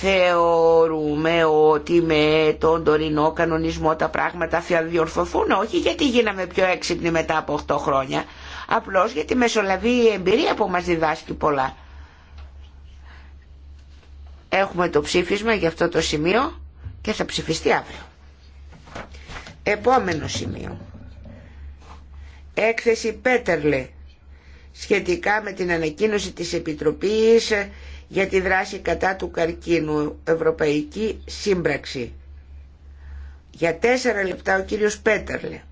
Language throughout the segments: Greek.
θεωρούμε ότι με τον τωρινό κανονισμό τα πράγματα θα διορθωθούν όχι γιατί γίναμε πιο έξυπνοι μετά από 8 χρόνια απλώς γιατί μεσολαβεί η εμπειρία που μας διδάσκει πολλά έχουμε το ψήφισμα για αυτό το σημείο και θα ψηφιστεί αύριο επόμενο σημείο έκθεση Πέτερλε σχετικά με την ανακοίνωση της Επιτροπής για τη δράση κατά του καρκίνου Ευρωπαϊκή Σύμπραξη. Για τέσσερα λεπτά ο κύριος Πέτερλε.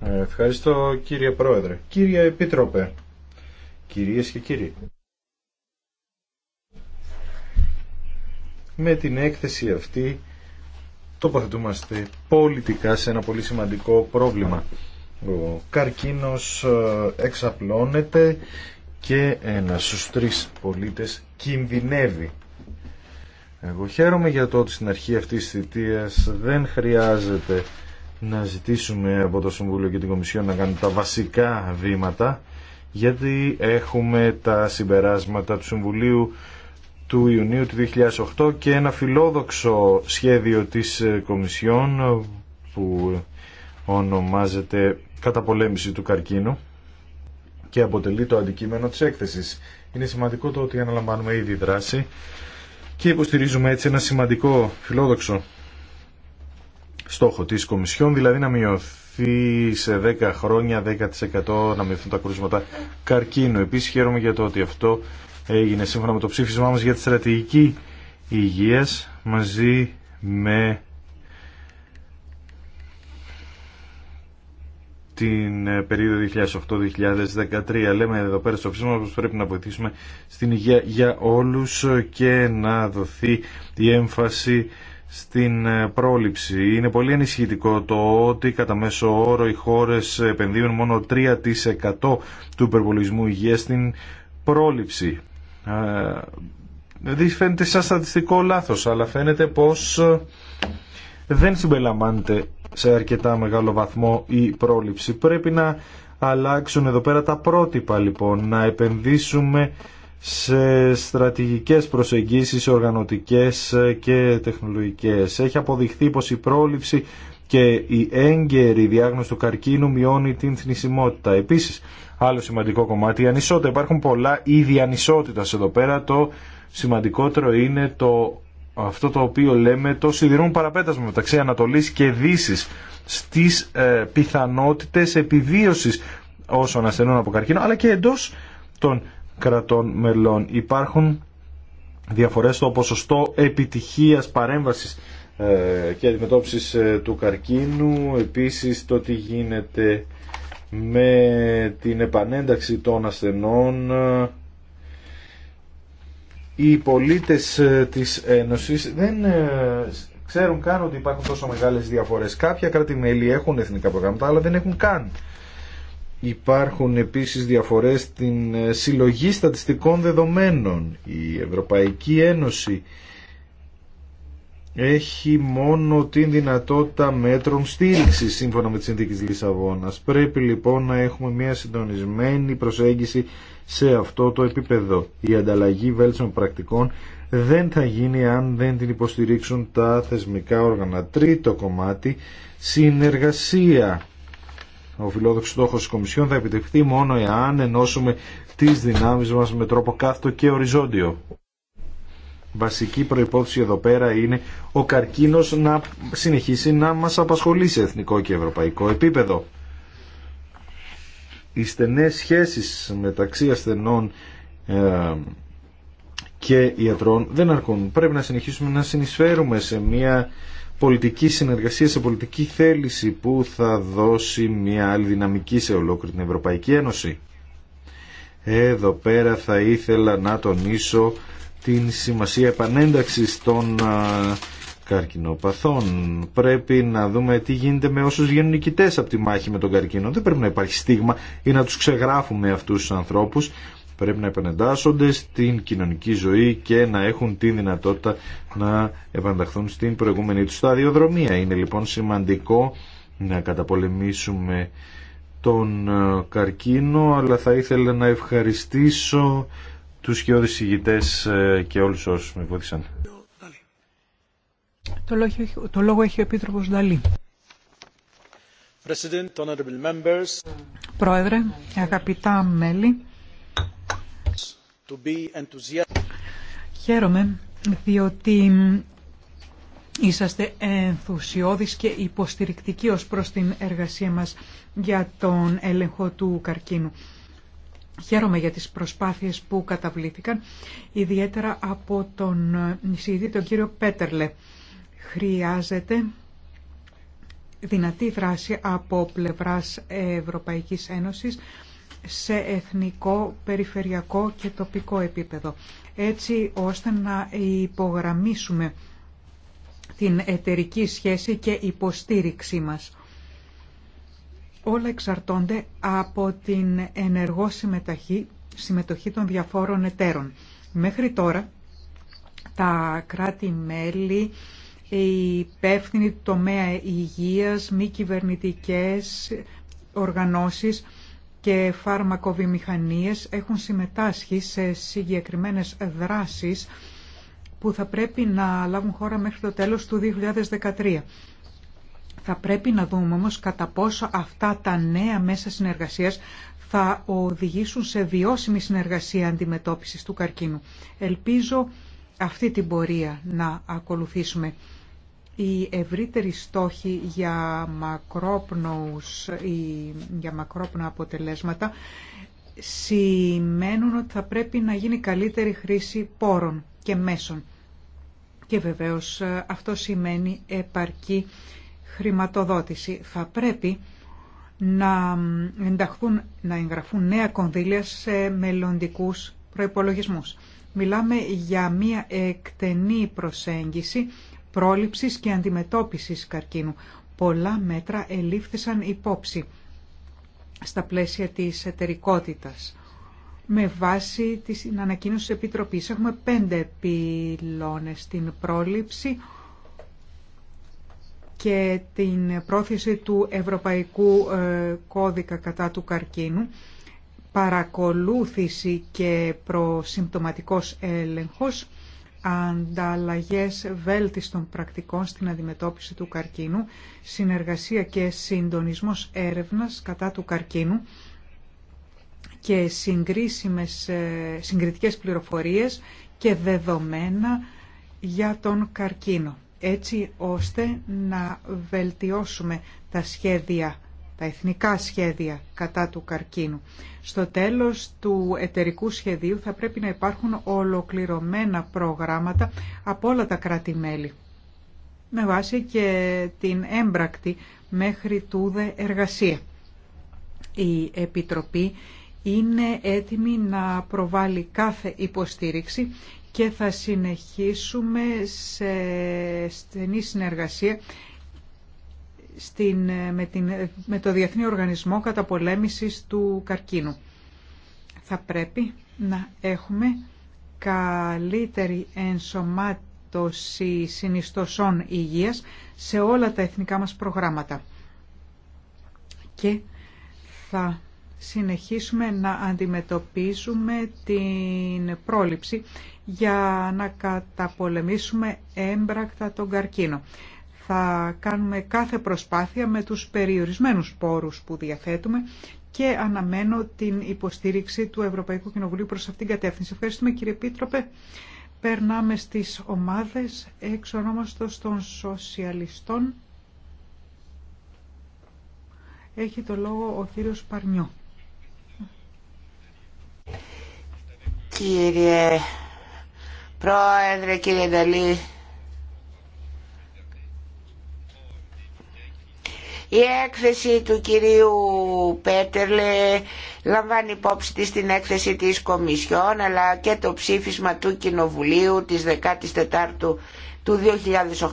Ευχαριστώ κύριε Πρόεδρε. Κύριε Επίτροπε. Κυρίες και κύριοι. Με την έκθεση αυτή τοποθετούμαστε πολιτικά σε ένα πολύ σημαντικό πρόβλημα. Ο καρκίνος ε, εξαπλώνεται και ένα στους τρεις πολίτες κινδυνεύει. Εγώ χαίρομαι για το ότι στην αρχή αυτής της θητείας δεν χρειάζεται να ζητήσουμε από το Συμβούλιο και την Κομισιόν να κάνουν τα βασικά βήματα γιατί έχουμε τα συμπεράσματα του Συμβουλίου του Ιουνίου του 2008 και ένα φιλόδοξο σχέδιο της ε, Κομισιόν που ονομάζεται «Καταπολέμηση του καρκίνου» και αποτελεί το αντικείμενο της έκθεσης. Είναι σημαντικό το ότι αναλαμβάνουμε ήδη δράση και υποστηρίζουμε έτσι ένα σημαντικό φιλόδοξο στόχο της Κομισιόν, δηλαδή να μειωθεί σε 10 χρόνια 10% να μειωθούν τα κρούσματα καρκίνου. Επίσης χαίρομαι για το ότι αυτό έγινε σύμφωνα με το ψήφισμά μας για τη στρατηγική υγείας μαζί με την ε, περίοδο 2008-2013. Λέμε εδώ πέρα στο ψήμα πως πρέπει να βοηθήσουμε στην υγεία για όλους και να δοθεί η έμφαση στην ε, πρόληψη. Είναι πολύ ανησυχητικό το ότι κατά μέσο όρο οι χώρες επενδύουν μόνο 3% του υπερβολισμού υγείας στην πρόληψη. Δηλαδή φαίνεται σαν στατιστικό λάθος, αλλά φαίνεται πως δεν συμπεριλαμβάνεται σε αρκετά μεγάλο βαθμό η πρόληψη. Πρέπει να αλλάξουν εδώ πέρα τα πρότυπα λοιπόν, να επενδύσουμε σε στρατηγικές προσεγγίσεις οργανωτικές και τεχνολογικές. Έχει αποδειχθεί πως η πρόληψη και η έγκαιρη διάγνωση του καρκίνου μειώνει την θνησιμότητα. Επίσης, άλλο σημαντικό κομμάτι, η ανισότητα. Υπάρχουν πολλά είδη ανισότητας εδώ πέρα. Το σημαντικότερο είναι το αυτό το οποίο λέμε το σιδηρούν παραπέτασμα μεταξύ Ανατολής και Δύσης στις ε, πιθανότητες επιβίωσης όσων ασθενών από καρκίνο αλλά και εντός των κρατών μελών. Υπάρχουν διαφορές στο ποσοστό επιτυχίας παρέμβασης ε, και αντιμετώπισης ε, του καρκίνου, επίσης το τι γίνεται με την επανένταξη των ασθενών οι πολίτες ε, της Ένωσης δεν ε, ξέρουν καν ότι υπάρχουν τόσο μεγάλες διαφορές. Κάποια κράτη-μέλη έχουν εθνικά προγράμματα, αλλά δεν έχουν καν. Υπάρχουν επίσης διαφορές στην ε, συλλογή στατιστικών δεδομένων. Η Ευρωπαϊκή Ένωση έχει μόνο την δυνατότητα μέτρων στήριξη σύμφωνα με τις συνθήκη της Λισαβόνας. Πρέπει λοιπόν να έχουμε μια συντονισμένη προσέγγιση σε αυτό το επίπεδο. Η ανταλλαγή βέλτιστων πρακτικών δεν θα γίνει αν δεν την υποστηρίξουν τα θεσμικά όργανα. Τρίτο κομμάτι, συνεργασία. Ο φιλόδοξος στόχος της Κομισιόν θα επιτευχθεί μόνο εάν ενώσουμε τις δυνάμεις μας με τρόπο κάθτο και οριζόντιο βασική προϋπόθεση εδώ πέρα είναι ο καρκίνος να συνεχίσει να μας απασχολεί σε εθνικό και ευρωπαϊκό επίπεδο. Οι στενές σχέσεις μεταξύ ασθενών και ιατρών δεν αρκούν. Πρέπει να συνεχίσουμε να συνεισφέρουμε σε μια πολιτική συνεργασία, σε πολιτική θέληση που θα δώσει μια άλλη δυναμική σε ολόκληρη την Ευρωπαϊκή Ένωση. Εδώ πέρα θα ήθελα να τονίσω την σημασία επανένταξης των καρκινοπαθών. Πρέπει να δούμε τι γίνεται με όσους βγαίνουν νικητές από τη μάχη με τον καρκίνο. Δεν πρέπει να υπάρχει στίγμα ή να τους ξεγράφουμε αυτούς τους ανθρώπους. Πρέπει να επανεντάσσονται στην κοινωνική ζωή και να έχουν τη δυνατότητα να επανταχθούν στην προηγούμενη του σταδιοδρομία. Είναι λοιπόν σημαντικό να καταπολεμήσουμε τον καρκίνο, αλλά θα ήθελα να ευχαριστήσω τους σκιώδεις ηγητές ε, και όλους όσους με βοήθησαν. Το λόγο, το λόγο έχει ο Επίτροπος Νταλή. Πρόεδρε, αγαπητά μέλη, χαίρομαι διότι είσαστε ενθουσιώδεις και υποστηρικτικοί ως προς την εργασία μας για τον έλεγχο του καρκίνου. Χαίρομαι για τις προσπάθειες που καταβλήθηκαν, ιδιαίτερα από τον εισηγητή, τον κύριο Πέτερλε. Χρειάζεται δυνατή δράση από πλευράς Ευρωπαϊκής Ένωσης σε εθνικό, περιφερειακό και τοπικό επίπεδο, έτσι ώστε να υπογραμμίσουμε την εταιρική σχέση και υποστήριξή μας όλα εξαρτώνται από την ενεργό συμμετοχή, συμμετοχή των διαφόρων εταίρων. Μέχρι τώρα τα κράτη-μέλη, η υπεύθυνοι τομέα υγείας, μη κυβερνητικές οργανώσεις και φαρμακοβιομηχανίες έχουν συμμετάσχει σε συγκεκριμένες δράσεις που θα πρέπει να λάβουν χώρα μέχρι το τέλος του 2013. Θα πρέπει να δούμε όμως κατά πόσο αυτά τα νέα μέσα συνεργασίας θα οδηγήσουν σε βιώσιμη συνεργασία αντιμετώπισης του καρκίνου. Ελπίζω αυτή την πορεία να ακολουθήσουμε. Οι ευρύτεροι στόχοι για, μακρόπνοους, για αποτελέσματα σημαίνουν ότι θα πρέπει να γίνει καλύτερη χρήση πόρων και μέσων. Και βεβαίως ε, αυτό σημαίνει επαρκή χρηματοδότηση. Θα πρέπει να ενταχθούν, να εγγραφούν νέα κονδύλια σε μελλοντικούς προϋπολογισμούς. Μιλάμε για μία εκτενή προσέγγιση πρόληψης και αντιμετώπισης καρκίνου. Πολλά μέτρα ελήφθησαν υπόψη στα πλαίσια της εταιρικότητας. Με βάση την ανακοίνωση της Επιτροπής έχουμε πέντε πυλώνες στην πρόληψη, και την πρόθεση του Ευρωπαϊκού ε, Κώδικα κατά του καρκίνου, παρακολούθηση και προσυμπτωματικός έλεγχος, ανταλλαγές βέλτιστων πρακτικών στην αντιμετώπιση του καρκίνου, συνεργασία και συντονισμός έρευνας κατά του καρκίνου και συγκρίσιμες, ε, συγκριτικές πληροφορίες και δεδομένα για τον καρκίνο έτσι ώστε να βελτιώσουμε τα σχέδια, τα εθνικά σχέδια κατά του καρκίνου. Στο τέλος του εταιρικού σχεδίου θα πρέπει να υπάρχουν ολοκληρωμένα προγράμματα από όλα τα κράτη-μέλη με βάση και την έμπρακτη μέχρι τούδε εργασία. Η Επιτροπή είναι έτοιμη να προβάλλει κάθε υποστήριξη και θα συνεχίσουμε σε στενή συνεργασία στην, με, την, με το Διεθνή Οργανισμό Καταπολέμησης του Καρκίνου. Θα πρέπει να έχουμε καλύτερη ενσωμάτωση συνιστοσών υγείας σε όλα τα εθνικά μας προγράμματα. Και θα συνεχίσουμε να αντιμετωπίζουμε την πρόληψη για να καταπολεμήσουμε έμπρακτα τον καρκίνο. Θα κάνουμε κάθε προσπάθεια με τους περιορισμένους πόρους που διαθέτουμε και αναμένω την υποστήριξη του Ευρωπαϊκού Κοινοβουλίου προς αυτήν την κατεύθυνση. Ευχαριστούμε κύριε Πίτροπε. Περνάμε στις ομάδες εξ ονόμαστος των σοσιαλιστών. Έχει το λόγο ο κύριος Παρνιό. Κύριε Πρόεδρε κύριε Νταλή. Η έκθεση του κυρίου Πέτερλε λαμβάνει υπόψη της την έκθεση της Κομισιόν αλλά και το ψήφισμα του Κοινοβουλίου της 14ου του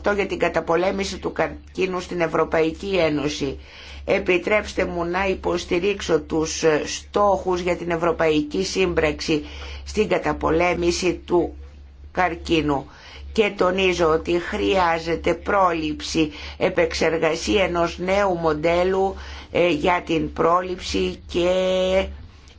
2008 για την καταπολέμηση του καρκίνου στην Ευρωπαϊκή Ένωση. Επιτρέψτε μου να υποστηρίξω τους στόχους για την Ευρωπαϊκή Σύμπραξη στην καταπολέμηση του καρκίνου και τονίζω ότι χρειάζεται πρόληψη, επεξεργασία ενός νέου μοντέλου ε, για την πρόληψη και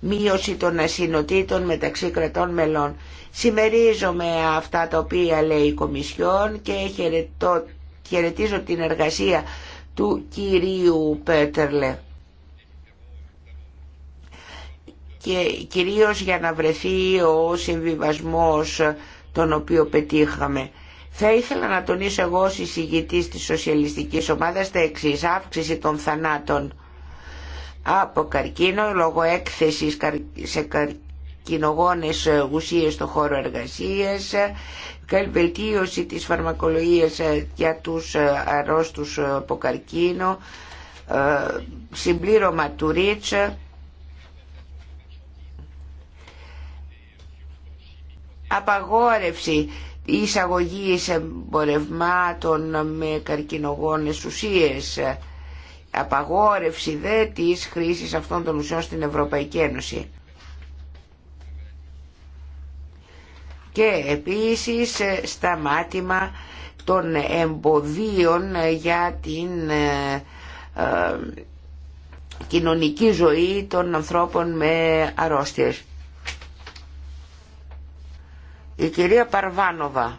μείωση των ασυνοτήτων μεταξύ κρατών μελών. Σημερίζομαι αυτά τα οποία λέει η Κομισιόν και χαιρετώ, χαιρετίζω την εργασία του κυρίου Πέτερλε. Και κυρίως για να βρεθεί ο συμβιβασμός τον οποίο πετύχαμε. Θα ήθελα να τονίσω εγώ ως εισηγητής της σοσιαλιστικής ομάδας τα εξή αύξηση των θανάτων από καρκίνο λόγω έκθεσης σε καρκινογόνες ουσίες στον χώρο εργασίας, βελτίωση της φαρμακολογίας ε, για τους ε, αρρώστους ε, από καρκίνο, συμπλήρωμα του ρίτσα, απαγόρευση εισαγωγή εμπορευμάτων με καρκινογόνες ουσίες, απαγόρευση δε της χρήσης αυτών των ουσιών στην Ευρωπαϊκή Ένωση. Και επίσης ε, σταμάτημα των εμποδίων για την ε, ε, κοινωνική ζωή των ανθρώπων με αρρώστιες. Η κυρία Παρβάνοβα.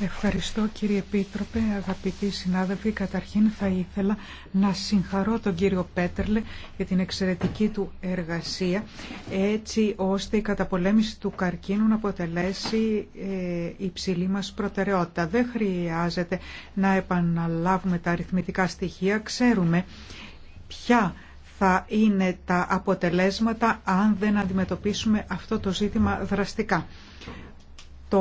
Ευχαριστώ κύριε Επίτροπε, αγαπητοί συνάδελφοι. Καταρχήν θα ήθελα να συγχαρώ τον κύριο Πέτερλε για την εξαιρετική του εργασία, έτσι ώστε η καταπολέμηση του καρκίνου να αποτελέσει ε, υψηλή μας προτεραιότητα. Δεν χρειάζεται να επαναλάβουμε τα αριθμητικά στοιχεία. Ξέρουμε ποια θα είναι τα αποτελέσματα αν δεν αντιμετωπίσουμε αυτό το ζήτημα δραστικά. Το,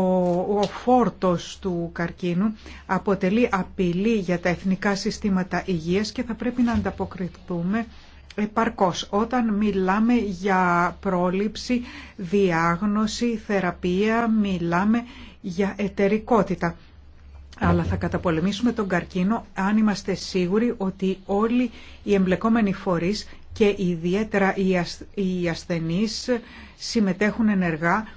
ο φόρτος του καρκίνου αποτελεί απειλή για τα εθνικά συστήματα υγείας και θα πρέπει να ανταποκριθούμε επαρκώς όταν μιλάμε για πρόληψη, διάγνωση, θεραπεία, μιλάμε για εταιρικότητα. Αλλά θα καταπολεμήσουμε τον καρκίνο αν είμαστε σίγουροι ότι όλοι οι εμπλεκόμενοι φορείς και ιδιαίτερα οι ασθενείς συμμετέχουν ενεργά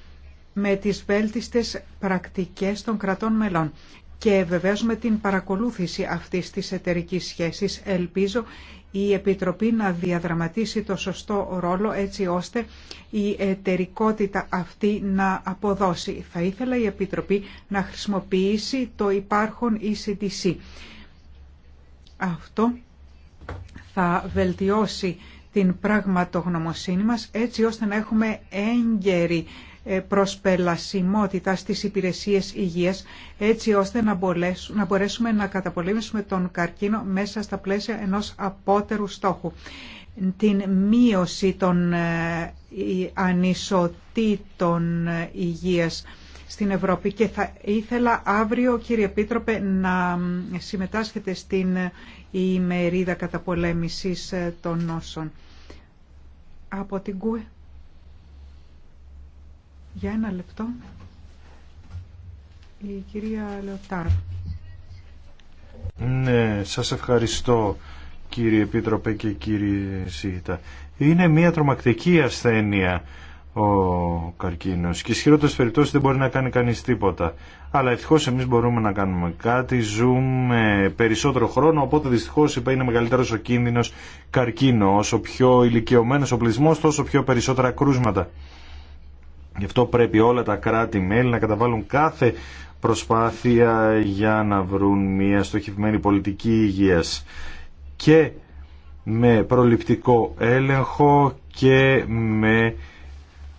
με τις βέλτιστες πρακτικές των κρατών μελών. Και βεβαίως με την παρακολούθηση αυτής της εταιρικής σχέσης ελπίζω η Επιτροπή να διαδραματίσει το σωστό ρόλο έτσι ώστε η εταιρικότητα αυτή να αποδώσει. Θα ήθελα η Επιτροπή να χρησιμοποιήσει το υπάρχον ECDC. Αυτό θα βελτιώσει την πραγματογνωμοσύνη μας έτσι ώστε να έχουμε έγκαιρη ε, προσπελασιμότητα στις υπηρεσίες υγείας έτσι ώστε να μπορέσουμε να καταπολέμησουμε τον καρκίνο μέσα στα πλαίσια ενός απότερου στόχου. Την μείωση των ε, ανισοτήτων ε, υγείας στην Ευρώπη και θα ήθελα αύριο κύριε Επίτροπε να συμμετάσχετε στην ημερίδα καταπολέμησης των νόσων. Από την ΚΟΕ. Για ένα λεπτό. Η κυρία Λεωτάρ. Ναι, σας ευχαριστώ κύριε Επίτροπε και κύριε Σίγητα. Είναι μια τρομακτική ασθένεια ο καρκίνος Και ισχυρότερες περιπτώσεις δεν μπορεί να κάνει κανείς τίποτα. Αλλά ευτυχώ εμείς μπορούμε να κάνουμε κάτι. Ζούμε περισσότερο χρόνο, οπότε δυστυχώ είναι μεγαλύτερο ο κίνδυνος καρκίνο. Όσο πιο ηλικιωμένο ο πληθυσμό, τόσο πιο περισσότερα κρούσματα. Γι' αυτό πρέπει όλα τα κράτη-μέλη να καταβάλουν κάθε προσπάθεια για να βρουν μια στοχευμένη πολιτική υγείας και με προληπτικό έλεγχο και με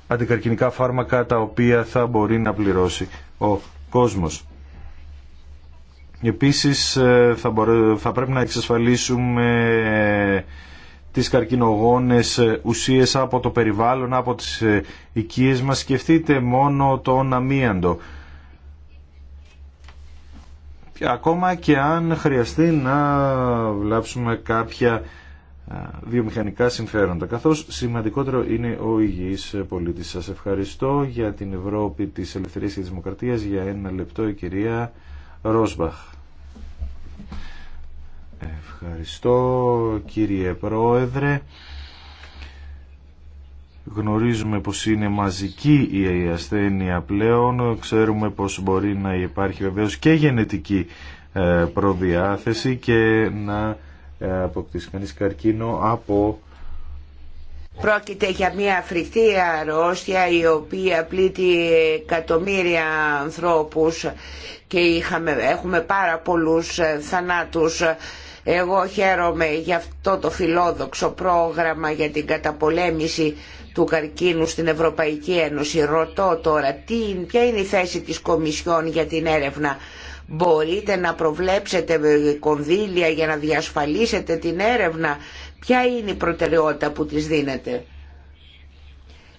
αντικαρκυνικά φάρμακα τα οποία θα μπορεί να πληρώσει ο κόσμος. Επίσης ε, θα, πρέπει να εξασφαλίσουμε τις καρκινογόνες ε, ουσίες από το περιβάλλον, από τις ε, οικίες μας. Σκεφτείτε μόνο τον αμίαντο. Ακόμα και αν χρειαστεί να βλάψουμε κάποια ε, βιομηχανικά συμφέροντα, καθώς σημαντικότερο είναι ο υγιής πολίτης. Σας ευχαριστώ για την Ευρώπη της Ελευθερίας και της Δημοκρατίας για ένα λεπτό η κυρία Ρόσμπαχ. Ευχαριστώ κύριε Πρόεδρε. Γνωρίζουμε πως είναι μαζική η ασθένεια πλέον, ξέρουμε πως μπορεί να υπάρχει βεβαίως και γενετική ε, προδιάθεση και να ε, αποκτήσει κανείς καρκίνο από... Πρόκειται για μια φρικτή αρρώστια η οποία πλήττει εκατομμύρια ανθρώπους και έχουμε πάρα πολλούς θανάτους εγώ χαίρομαι για αυτό το φιλόδοξο πρόγραμμα για την καταπολέμηση του καρκίνου στην Ευρωπαϊκή Ένωση. Ρωτώ τώρα τι, ποια είναι η θέση της Κομισιόν για την έρευνα. Μπορείτε να προβλέψετε κονδύλια για να διασφαλίσετε την έρευνα. Ποια είναι η προτεραιότητα που της δίνετε.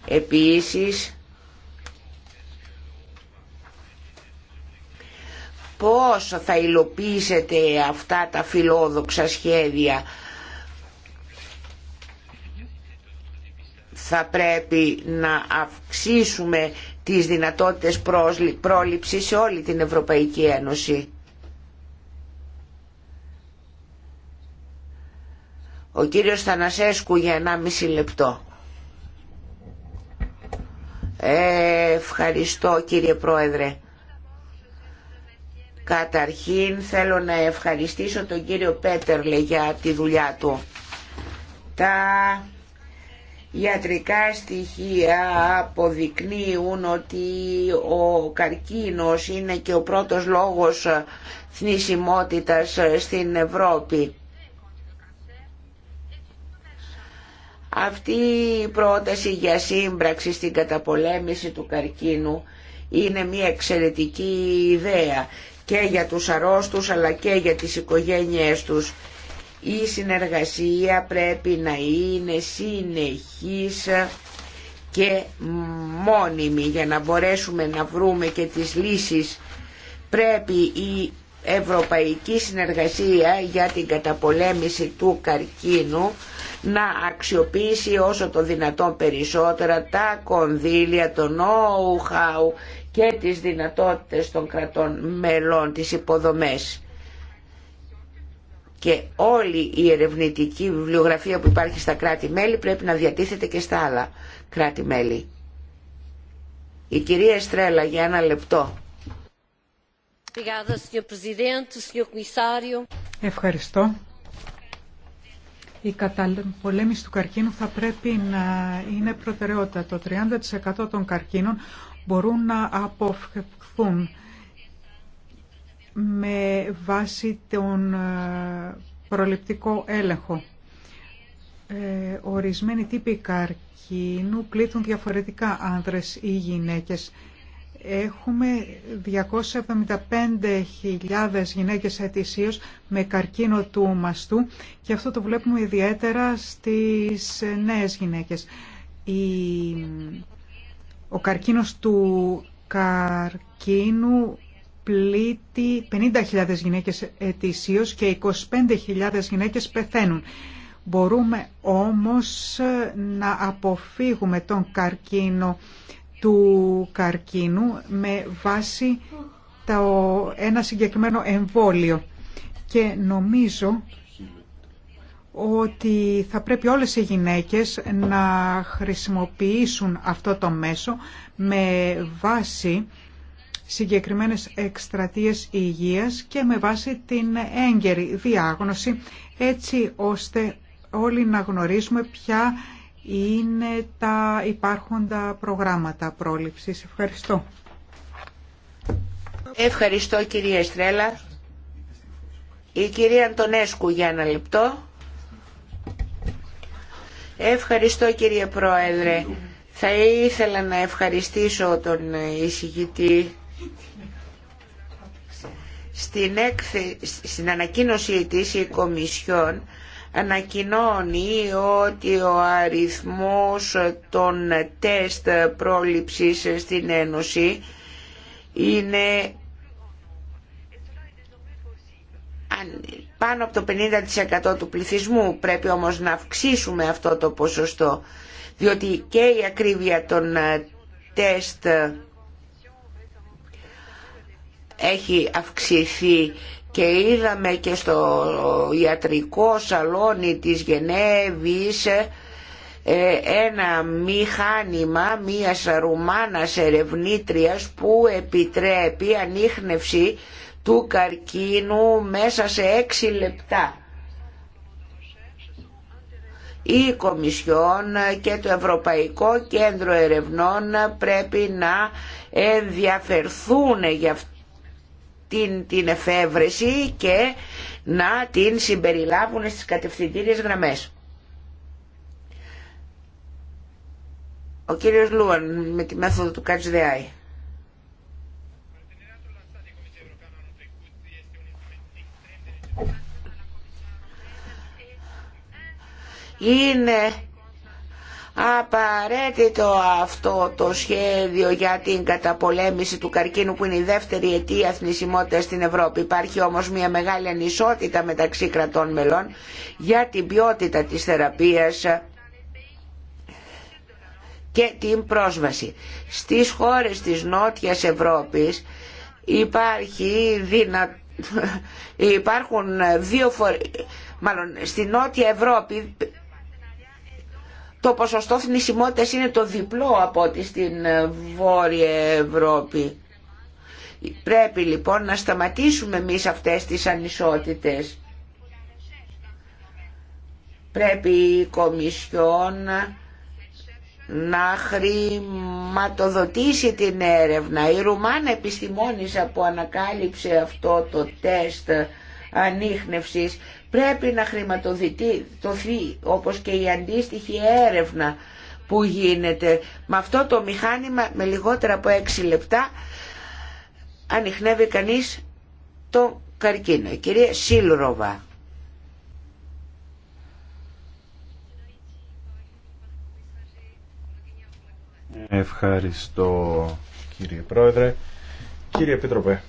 Επίσης, πώς θα υλοποιήσετε αυτά τα φιλόδοξα σχέδια. Θα πρέπει να αυξήσουμε τις δυνατότητες πρόληψης σε όλη την Ευρωπαϊκή Ένωση. Ο κύριος Θανασέσκου για 1,5 λεπτό. Ε, ευχαριστώ κύριε Πρόεδρε. Καταρχήν θέλω να ευχαριστήσω τον κύριο Πέτερλε για τη δουλειά του. Τα ιατρικά στοιχεία αποδεικνύουν ότι ο καρκίνος είναι και ο πρώτος λόγος θνησιμότητας στην Ευρώπη. Αυτή η πρόταση για σύμπραξη στην καταπολέμηση του καρκίνου είναι μια εξαιρετική ιδέα και για τους αρρώστους αλλά και για τις οικογένειές τους. Η συνεργασία πρέπει να είναι συνεχής και μόνιμη για να μπορέσουμε να βρούμε και τις λύσεις. Πρέπει η ευρωπαϊκή συνεργασία για την καταπολέμηση του καρκίνου να αξιοποιήσει όσο το δυνατόν περισσότερα τα κονδύλια, το know-how και τις δυνατότητες των κρατών μελών, τις υποδομές. Και όλη η ερευνητική βιβλιογραφία που υπάρχει στα κράτη-μέλη πρέπει να διατίθεται και στα άλλα κράτη-μέλη. Η κυρία Εστρέλα για ένα λεπτό. Ευχαριστώ. Η καταπολέμηση του καρκίνου θα πρέπει να είναι προτεραιότητα. Το 30% των καρκίνων μπορούν να αποφευχθούν με βάση τον ε, προληπτικό έλεγχο. Ε, ορισμένοι τύποι καρκίνου πλήττουν διαφορετικά άνδρες ή γυναίκες. Έχουμε 275.000 γυναίκες ετησίως με καρκίνο του μαστού και αυτό το βλέπουμε ιδιαίτερα στις νέες γυναίκες. η γυναικες εχουμε 275000 γυναικες ετησιως με καρκινο του μαστου και αυτο το βλεπουμε ιδιαιτερα στις νεες γυναικες ο καρκίνος του καρκίνου πλήττει 50.000 γυναίκες ετησίως και 25.000 γυναίκες πεθαίνουν. Μπορούμε όμως να αποφύγουμε τον καρκίνο του καρκίνου με βάση το, ένα συγκεκριμένο εμβόλιο. Και νομίζω ότι θα πρέπει όλες οι γυναίκες να χρησιμοποιήσουν αυτό το μέσο με βάση συγκεκριμένες εκστρατείες υγείας και με βάση την έγκαιρη διάγνωση έτσι ώστε όλοι να γνωρίζουμε ποια είναι τα υπάρχοντα προγράμματα πρόληψης. Ευχαριστώ. Ευχαριστώ κυρία Στρέλα. Η κυρία Αντωνέσκου για ένα λεπτό. Ευχαριστώ κύριε Πρόεδρε. Θα ήθελα να ευχαριστήσω τον εισηγητή στην, στην ανακοίνωσή της η Κομισιόν ανακοινώνει ότι ο αριθμός των τεστ πρόληψης στην Ένωση είναι πάνω από το 50% του πληθυσμού. Πρέπει όμως να αυξήσουμε αυτό το ποσοστό, διότι και η ακρίβεια των ε, τεστ έχει αυξηθεί και είδαμε και στο ιατρικό σαλόνι της Γενέβης ε, ένα μηχάνημα μίας Ρουμάνας ερευνήτριας που επιτρέπει ανείχνευση του καρκίνου μέσα σε έξι λεπτά. Η Κομισιόν και το Ευρωπαϊκό Κέντρο Ερευνών πρέπει να ενδιαφερθούν για την, την εφεύρεση και να την συμπεριλάβουν στις κατευθυντήριες γραμμές. Ο κύριος Λούαν με τη μέθοδο του Κατζδεάη. είναι απαραίτητο αυτό το σχέδιο για την καταπολέμηση του καρκίνου που είναι η δεύτερη αιτία θνησιμότητας στην Ευρώπη. Υπάρχει όμως μια μεγάλη ανισότητα μεταξύ κρατών μελών για την ποιότητα της θεραπείας και την πρόσβαση. Στις χώρες της Νότιας Ευρώπης υπάρχει υπάρχουν δύο φορές, μάλλον στη Νότια Ευρώπη το ποσοστό θνησιμότητας είναι το διπλό από ό,τι στην ε, Βόρεια Ευρώπη. Πρέπει λοιπόν να σταματήσουμε εμεί αυτές τις ανισότητες. Πρέπει η Κομισιόν να χρηματοδοτήσει την έρευνα. Η ρουμάν επιστημόνισσα που ανακάλυψε αυτό το τεστ ανείχνευσης πρέπει να χρηματοδοτηθεί όπως και η αντίστοιχη έρευνα που γίνεται. Με αυτό το μηχάνημα με λιγότερα από 6 λεπτά ανοιχνεύει κανείς το καρκίνο. κυρία Σίλροβα. Ευχαριστώ κύριε Πρόεδρε, κύριε Επίτροπε,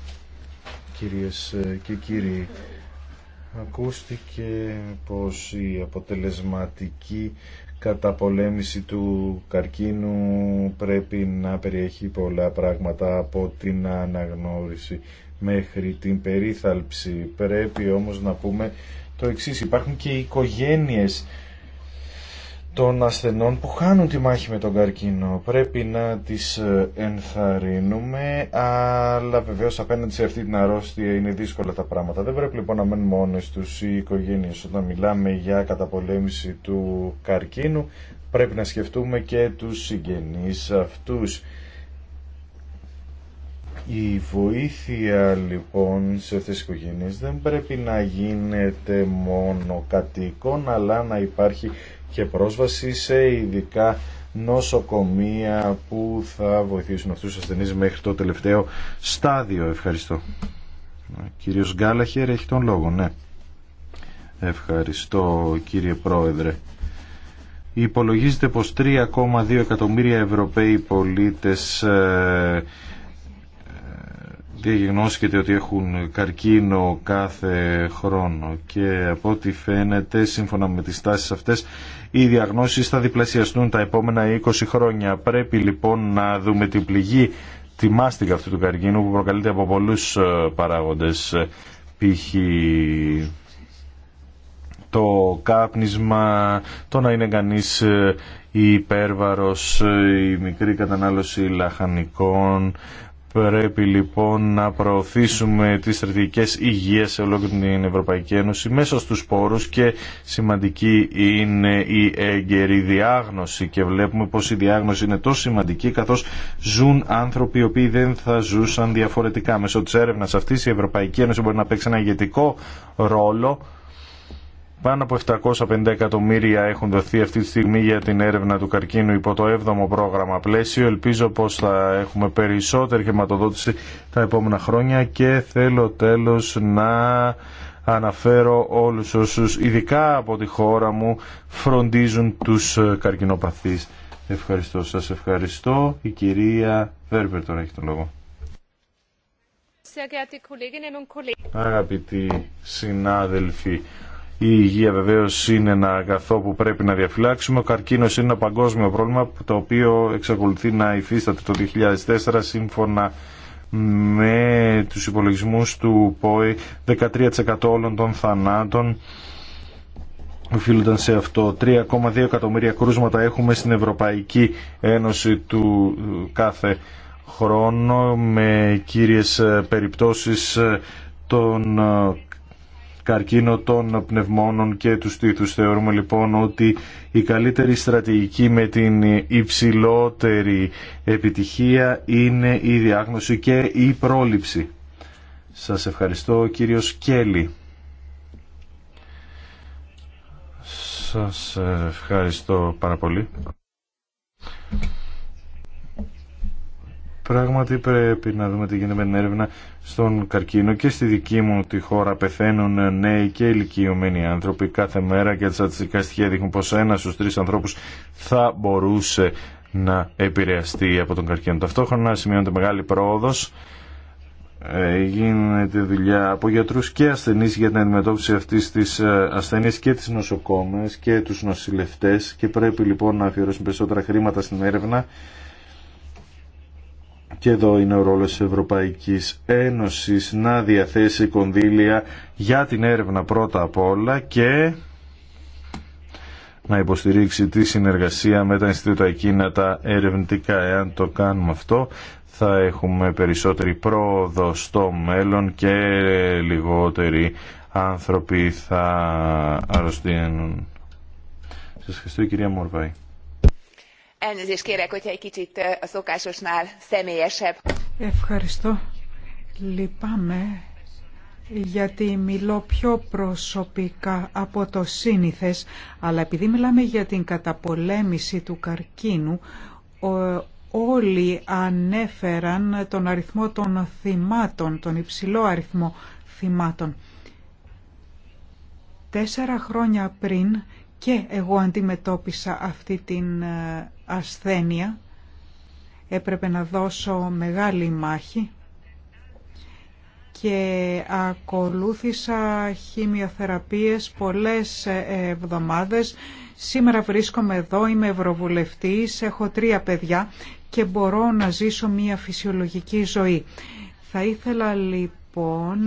κυρίες και κύριοι. Ακούστηκε πως η αποτελεσματική καταπολέμηση του καρκίνου πρέπει να περιέχει πολλά πράγματα από την αναγνώριση μέχρι την περίθαλψη. Πρέπει όμως να πούμε το εξής. Υπάρχουν και οι οικογένειες των ασθενών που χάνουν τη μάχη με τον καρκίνο. Πρέπει να τις ε, ενθαρρύνουμε, αλλά βεβαίως απέναντι σε αυτή την αρρώστια είναι δύσκολα τα πράγματα. Δεν πρέπει λοιπόν να μένουν μόνες τους οι οικογένειες όταν μιλάμε για καταπολέμηση του καρκίνου. Πρέπει να σκεφτούμε και τους συγγενείς αυτούς. Η βοήθεια λοιπόν σε αυτές τις οικογένειες δεν πρέπει να γίνεται μόνο κατοικών αλλά να υπάρχει και πρόσβαση σε ειδικά νοσοκομεία που θα βοηθήσουν αυτούς τους ασθενείς μέχρι το τελευταίο στάδιο. Ευχαριστώ. κύριος Γκάλαχερ έχει τον λόγο, ναι. Ευχαριστώ κύριε Πρόεδρε. Υπολογίζεται πως 3,2 εκατομμύρια Ευρωπαίοι πολίτες ε, διαγνώσκεται ότι έχουν καρκίνο κάθε χρόνο και από ό,τι φαίνεται σύμφωνα με τις τάσεις αυτές οι διαγνώσεις θα διπλασιαστούν τα επόμενα 20 χρόνια. Πρέπει λοιπόν να δούμε την πληγή, τη μάστιγα αυτού του καρκίνου που προκαλείται από πολλούς ε, παράγοντες π.χ. το κάπνισμα, το να είναι κανείς η ε, υπέρβαρος, ε, η μικρή κατανάλωση λαχανικών, Πρέπει λοιπόν να προωθήσουμε τις στρατηγικές υγείας σε ολόκληρη την Ευρωπαϊκή Ένωση μέσα στους πόρους και σημαντική είναι η εγκαιρή διάγνωση και βλέπουμε πως η διάγνωση είναι τόσο σημαντική καθώς ζουν άνθρωποι οι οποίοι δεν θα ζούσαν διαφορετικά. Μέσω της έρευνας αυτής η Ευρωπαϊκή Ένωση μπορεί να παίξει ένα ηγετικό ρόλο πάνω από 750 εκατομμύρια έχουν δοθεί αυτή τη στιγμή για την έρευνα του καρκίνου υπό το 7ο πρόγραμμα πλαίσιο. Ελπίζω πως θα έχουμε περισσότερη χρηματοδότηση τα επόμενα χρόνια και θέλω τέλος να αναφέρω όλους όσους ειδικά από τη χώρα μου φροντίζουν τους καρκινοπαθείς. Ευχαριστώ. Σας ευχαριστώ. Η κυρία Βέρμπερ τώρα έχει το λόγο. Αγαπητοί συνάδελφοι, η υγεία βεβαίω είναι ένα αγαθό που πρέπει να διαφυλάξουμε. Ο καρκίνο είναι ένα παγκόσμιο πρόβλημα το οποίο εξακολουθεί να υφίσταται το 2004 σύμφωνα με τους υπολογισμούς του ΠΟΕ 13% όλων των θανάτων οφείλονταν σε αυτό. 3,2 εκατομμύρια κρούσματα έχουμε στην Ευρωπαϊκή Ένωση του κάθε χρόνο με κύριες περιπτώσεις των καρκίνο των πνευμόνων και του στήθους. Θεωρούμε λοιπόν ότι η καλύτερη στρατηγική με την υψηλότερη επιτυχία είναι η διάγνωση και η πρόληψη. Σας ευχαριστώ κύριος Κέλλη. Σας ευχαριστώ πάρα πολύ. Πράγματι πρέπει να δούμε τι γίνεται με την έρευνα στον καρκίνο και στη δική μου τη χώρα πεθαίνουν νέοι και ηλικιωμένοι άνθρωποι κάθε μέρα και τα στατιστικά στοιχεία δείχνουν πως ένας στους τρεις ανθρώπους θα μπορούσε να επηρεαστεί από τον καρκίνο. Ταυτόχρονα σημειώνεται μεγάλη πρόοδος ε, γίνεται δουλειά από γιατρούς και ασθενείς για την αντιμετώπιση αυτής της ε, ασθενής και τις νοσοκόμες και τους νοσηλευτές και πρέπει λοιπόν να αφιερώσουν περισσότερα χρήματα στην έρευνα και εδώ είναι ο ρόλος της Ευρωπαϊκής Ένωσης να διαθέσει κονδύλια για την έρευνα πρώτα απ' όλα και να υποστηρίξει τη συνεργασία με τα Ινστιτούτα εκείνα τα ερευνητικά. Εάν το κάνουμε αυτό θα έχουμε περισσότερη πρόοδο στο μέλλον και λιγότεροι άνθρωποι θα αρρωστιένουν. Σας ευχαριστώ κυρία Μορβάη kérek, egy kicsit a szokásosnál személyesebb. Ευχαριστώ. Λυπάμαι γιατί μιλώ πιο προσωπικά από το σύνηθες, αλλά επειδή μιλάμε για την καταπολέμηση του καρκίνου, όλοι ανέφεραν τον αριθμό των θυμάτων, τον υψηλό αριθμό θυμάτων. Τέσσερα χρόνια πριν και εγώ αντιμετώπισα αυτή την ε, ασθένεια έπρεπε να δώσω μεγάλη μάχη και ακολούθησα χημειοθεραπείες πολλές εβδομάδες. Σήμερα βρίσκομαι εδώ, είμαι ευρωβουλευτής, έχω τρία παιδιά και μπορώ να ζήσω μια φυσιολογική ζωή. Θα ήθελα λοιπόν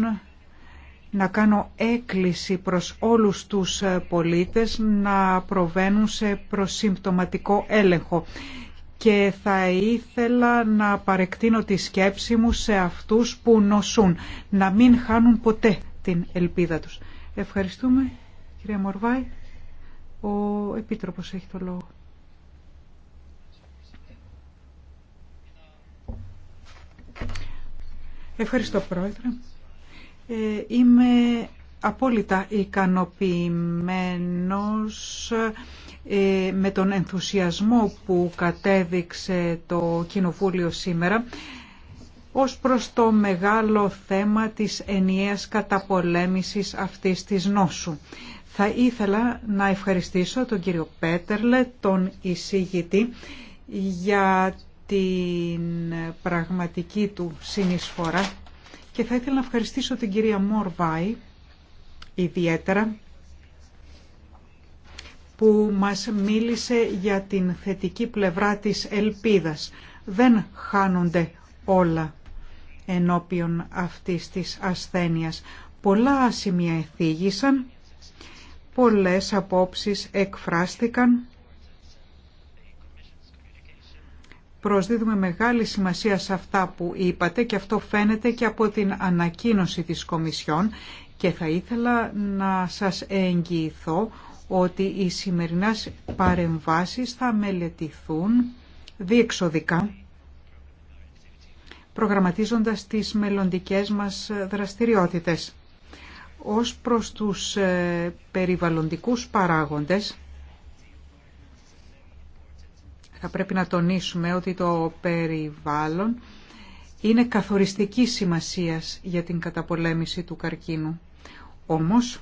να κάνω έκκληση προς όλους τους ε, πολίτες να προβαίνουν σε προσυμπτωματικό έλεγχο και θα ήθελα να παρεκτείνω τη σκέψη μου σε αυτούς που νοσούν, να μην χάνουν ποτέ την ελπίδα τους. Ευχαριστούμε, κυρία Μορβάη. Ο Επίτροπος έχει το λόγο. Ευχαριστώ, Πρόεδρε. Ε, είμαι απόλυτα ικανοποιημένος ε, με τον ενθουσιασμό που κατέδειξε το Κοινοβούλιο σήμερα ως προς το μεγάλο θέμα της ενιαίας καταπολέμησης αυτής της νόσου. Θα ήθελα να ευχαριστήσω τον κύριο Πέτερλε, τον εισήγητη, για την πραγματική του συνεισφορά και θα ήθελα να ευχαριστήσω την κυρία Μόρβάη ιδιαίτερα που μας μίλησε για την θετική πλευρά της ελπίδας. Δεν χάνονται όλα ενώπιον αυτής της ασθένειας. Πολλά σημεία εθίγησαν, πολλές απόψεις εκφράστηκαν Προσδίδουμε μεγάλη σημασία σε αυτά που είπατε και αυτό φαίνεται και από την ανακοίνωση της Κομισιόν και θα ήθελα να σας εγγυηθώ ότι οι σημερινές παρεμβάσεις θα μελετηθούν διεξοδικά προγραμματίζοντας τις μελλοντικές μας δραστηριότητες. Ως προς τους ε, περιβαλλοντικούς παράγοντες, θα πρέπει να τονίσουμε ότι το περιβάλλον είναι καθοριστική σημασίας για την καταπολέμηση του καρκίνου. Όμως,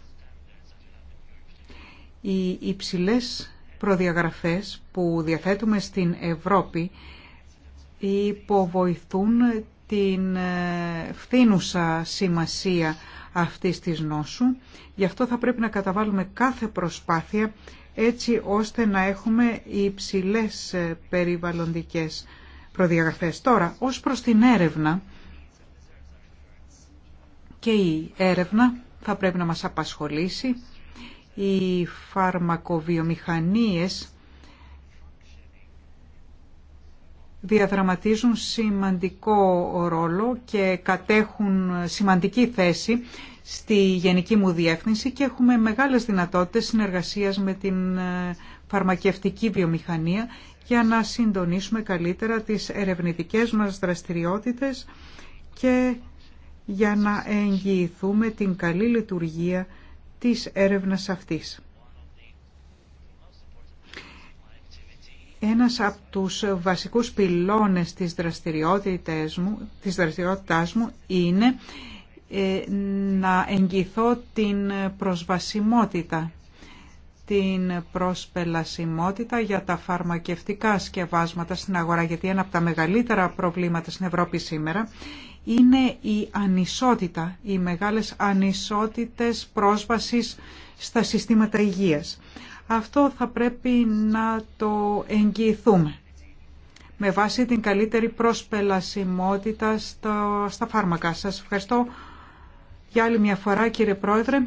οι υψηλές προδιαγραφές που διαθέτουμε στην Ευρώπη υποβοηθούν την ε, φθήνουσα σημασία αυτής της νόσου. Γι' αυτό θα πρέπει να καταβάλουμε κάθε προσπάθεια έτσι ώστε να έχουμε υψηλές ε, περιβαλλοντικές προδιαγραφές. Τώρα, ως προς την έρευνα και η έρευνα θα πρέπει να μας απασχολήσει. Οι φαρμακοβιομηχανίες διαδραματίζουν σημαντικό ρόλο και κατέχουν σημαντική θέση στη γενική μου διεύθυνση και έχουμε μεγάλες δυνατότητες συνεργασίας με την ε, φαρμακευτική βιομηχανία για να συντονίσουμε καλύτερα τις ερευνητικές μας δραστηριότητες και για να εγγυηθούμε την καλή λειτουργία της έρευνας αυτής. Ένας από τους βασικούς πυλώνες της, δραστηριότητας μου, της δραστηριότητάς μου είναι ε, να εγγυθώ την προσβασιμότητα, την προσπελασιμότητα για τα φαρμακευτικά σκευάσματα στην αγορά, γιατί ένα από τα μεγαλύτερα προβλήματα στην Ευρώπη σήμερα είναι η ανισότητα, οι μεγάλες ανισότητες πρόσβασης στα συστήματα υγείας. Αυτό θα πρέπει να το εγγυηθούμε με βάση την καλύτερη προσπελασιμότητα στα φάρμακα. Σας ευχαριστώ για άλλη μια φορά κύριε Πρόεδρε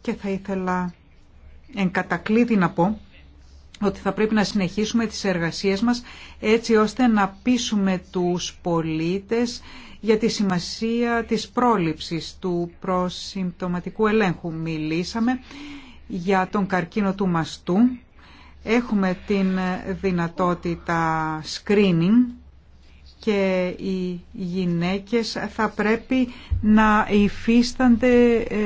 και θα ήθελα εν κατακλείδη να πω ότι θα πρέπει να συνεχίσουμε τις εργασίες μας έτσι ώστε να πείσουμε τους πολίτες για τη σημασία της πρόληψης του προσυμπτωματικού ελέγχου. Μιλήσαμε για τον καρκίνο του μαστού. Έχουμε την δυνατότητα screening και οι γυναίκες θα πρέπει να υφίστανται ε,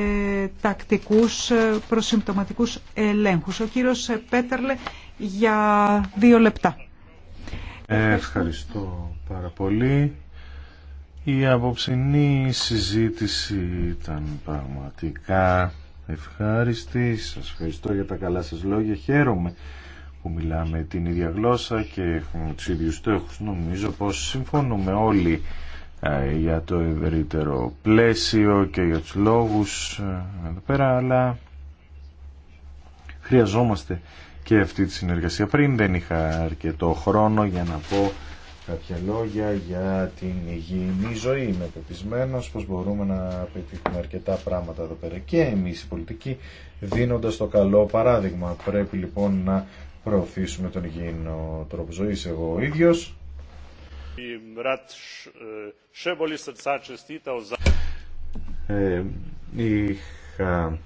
τακτικούς ε, προσυμπτωματικούς ελέγχους. Ο κύριος Πέτερλε για δύο λεπτά. Ευχαριστώ πάρα πολύ. Η απόψινή συζήτηση ήταν πραγματικά ευχάριστη. Σας ευχαριστώ για τα καλά σας λόγια. Χαίρομαι που μιλάμε την ίδια γλώσσα και έχουμε τους ίδιους στόχους. Νομίζω πως συμφωνούμε όλοι ε, για το ευρύτερο πλαίσιο και για τους λόγους ε, εδώ πέρα, αλλά χρειαζόμαστε και αυτή τη συνεργασία. Πριν δεν είχα αρκετό χρόνο για να πω κάποια λόγια για την υγιεινή ζωή. Είμαι πεπισμένος πως μπορούμε να πετύχουμε αρκετά πράγματα εδώ πέρα και εμείς οι πολιτικοί δίνοντας το καλό παράδειγμα. Πρέπει λοιπόν να προωθήσουμε τον υγιεινό τρόπο ζωή Εγώ ο ίδιος. Ε, είχα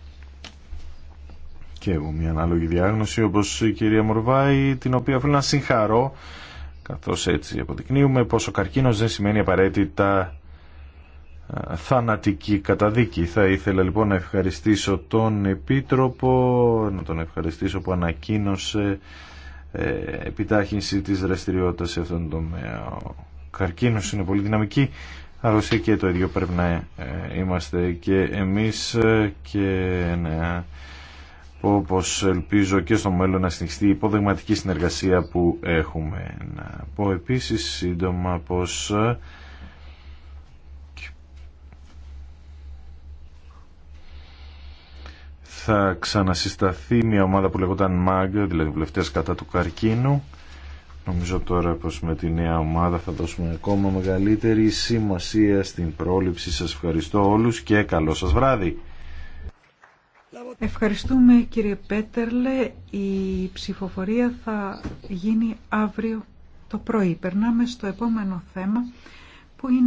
και εγώ μια ανάλογη διάγνωση όπως η κυρία Μορβάη την οποία θέλω να συγχαρώ καθώς έτσι αποδεικνύουμε πως ο καρκίνος δεν σημαίνει απαραίτητα θανατική καταδίκη. Θα ήθελα λοιπόν να ευχαριστήσω τον Επίτροπο, να τον ευχαριστήσω που ανακοίνωσε ε, επιτάχυνση της δραστηριότητας σε αυτόν τον τομέα. Ο καρκίνος είναι πολύ δυναμική, αλλά και το ίδιο πρέπει να ε, είμαστε και εμείς ε, και ναι, όπως ελπίζω και στο μέλλον να συνεχιστεί η υποδεγματική συνεργασία που έχουμε. Να πω επίσης σύντομα πως θα ξανασυσταθεί μια ομάδα που λεγόταν MAG, δηλαδή βουλευτές κατά του καρκίνου. Νομίζω τώρα πως με τη νέα ομάδα θα δώσουμε ακόμα μεγαλύτερη σημασία στην πρόληψη. Σας ευχαριστώ όλους και καλό σας βράδυ. Ευχαριστούμε κύριε Πέτερλε. Η ψηφοφορία θα γίνει αύριο το πρωί. Περνάμε στο επόμενο θέμα που είναι